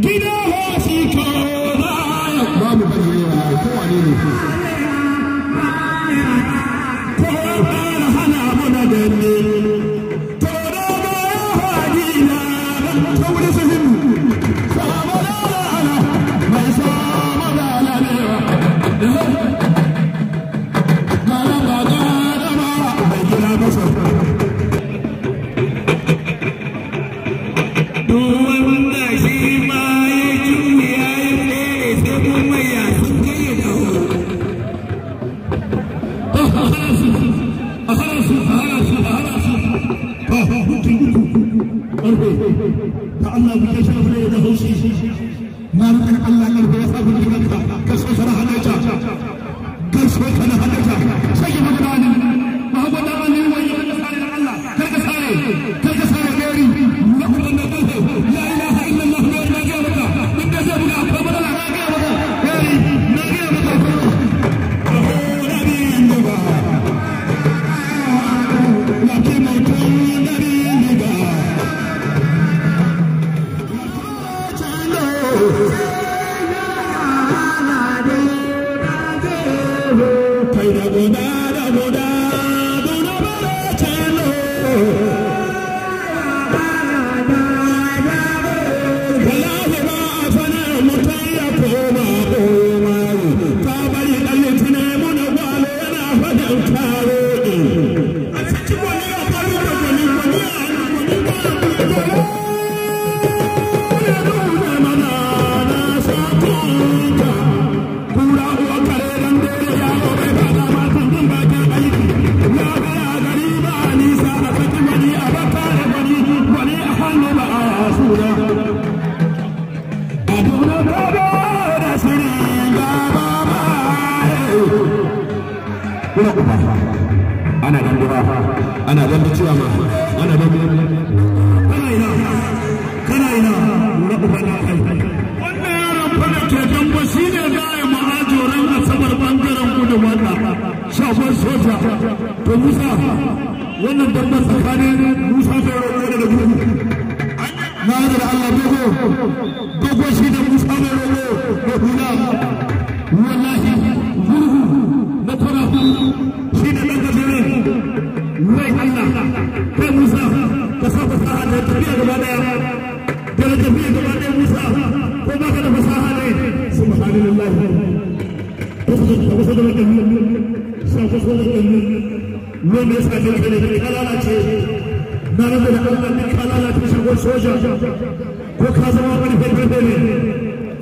Be कसम सराहना चाहिए कसम सराहना चाहिए सही मददान Mohammed Ali Baba, that's me, Baba. kuma ana dan duba ana dan ma ana dan kana ina kana ina na uba na kai wannan yaron fara ke dan ba shine da ya ma'ajo ran asabar bangaren kudu wanda shafan soja to musa wannan dabbar tsakanin musa bai roƙo da na da Allah dogo dogo shi da musa Ko kazanma beni fethedemedi.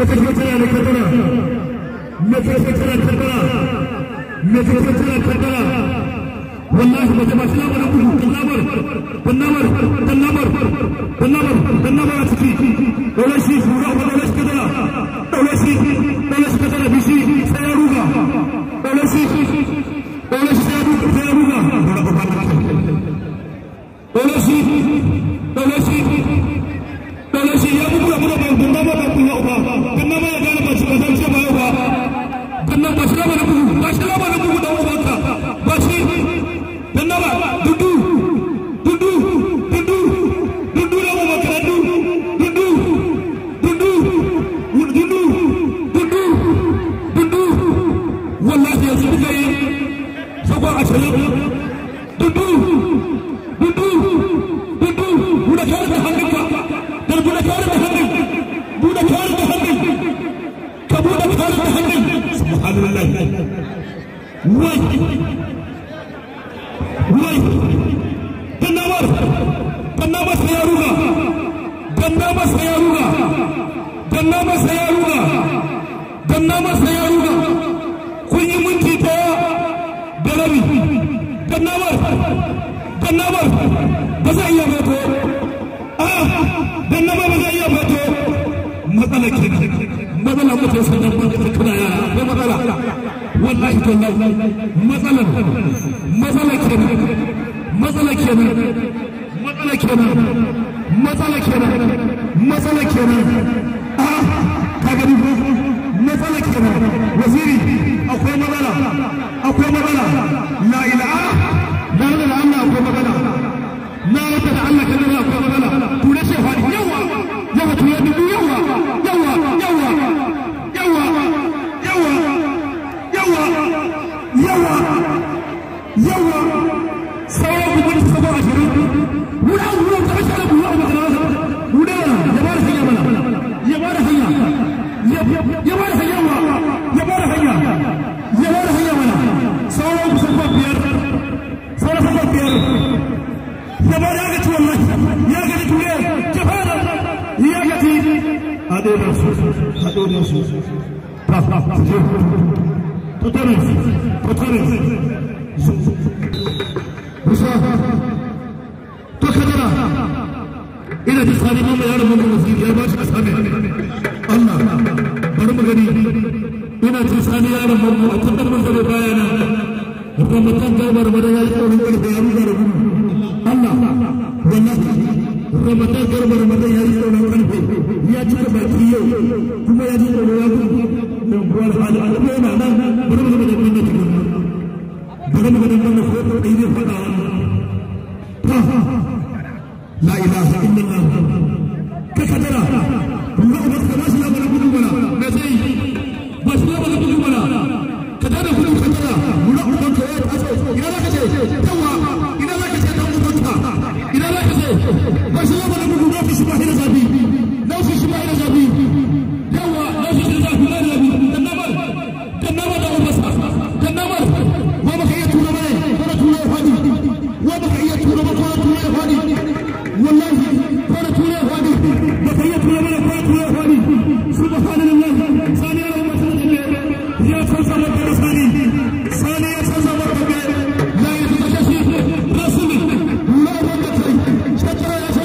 Metro खतरा खतरा मेट्रो खतरा खतरा मेट्रो खतरा खतरा والله ما تبغاش نمر نمر نمر نمر نمر نمر تكي ولا شيء ولا ولا كذا ولا شيء ولا كذا بشيء سيروغا ولا شيء ولا سيروغا ولا شيء أربعة شباب دندو دندو دندو بودا gannawar ba zai iya ah, ba zai iya matsala ke matsala mutum sun dabbar da kana yara matsala matsala matsala annabi sani ma ya rabu ya Allah ina ce sani ya rabu a cikin mun da baya na mutum mutum ya yi tsoron karfe ya da gudu Allah wallahi mutum mutum da ya yi tsoron karfe ya cika baki yau kuma ya ji ya gudu da kuwa da halin al'umma nan Está trabalhando.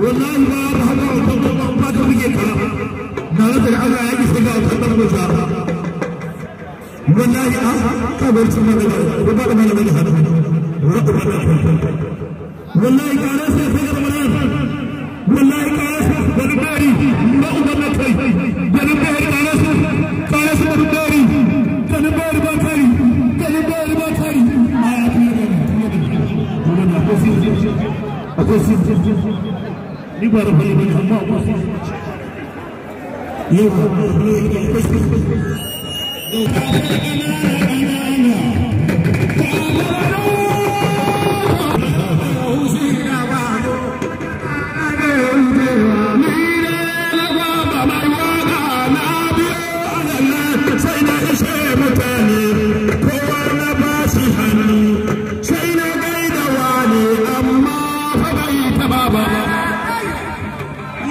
والله ما بحب أقول ما كبيت نارد العمل عندي سجاد خبر مزار والله أه كبر سمع الله ربنا ما نبي هذا والله كارس سجاد مران والله كارس برداري ما أقدر نكفي برداري كارس كارس برداري كنبار باتري كنبار باتري ما يعرفني أقول أقول nígbà tó fẹ́lẹ́ bẹ́ẹ̀ mọ́ ọ̀pọ̀ sí yóò fún ọ̀pọ̀ lórí ìgbà pẹ́ sí. Bye-bye.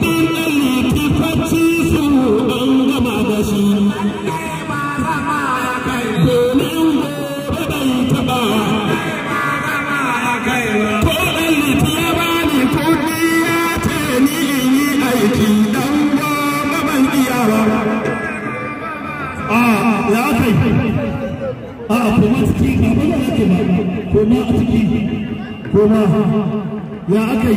kuɗin ilimi facci sun an gama taɓa ko ya bani ce ni in yi aiki ba a ciki ya aka yi